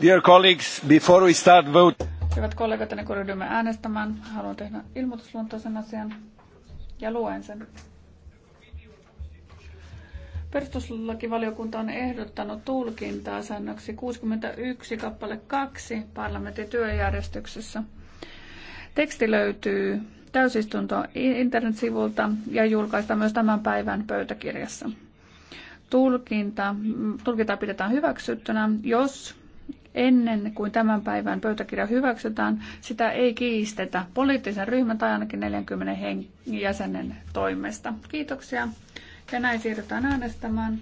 Dear colleagues, before we start vote... Hyvät kollegat, ennen kuin ryhdymme äänestämään, haluan tehdä ilmoitusluontoisen asian ja luen sen. Perustuslakivaliokunta on ehdottanut tulkintaa säännöksi 61 kappale 2 parlamentin työjärjestyksessä. Teksti löytyy täysistunto internetsivulta ja julkaistaan myös tämän päivän pöytäkirjassa. Tulkinta, tulkinta pidetään hyväksyttynä, jos ennen kuin tämän päivän pöytäkirja hyväksytään, sitä ei kiistetä poliittisen ryhmän tai ainakin 40 jäsenen toimesta. Kiitoksia ja näin siirrytään äänestämään.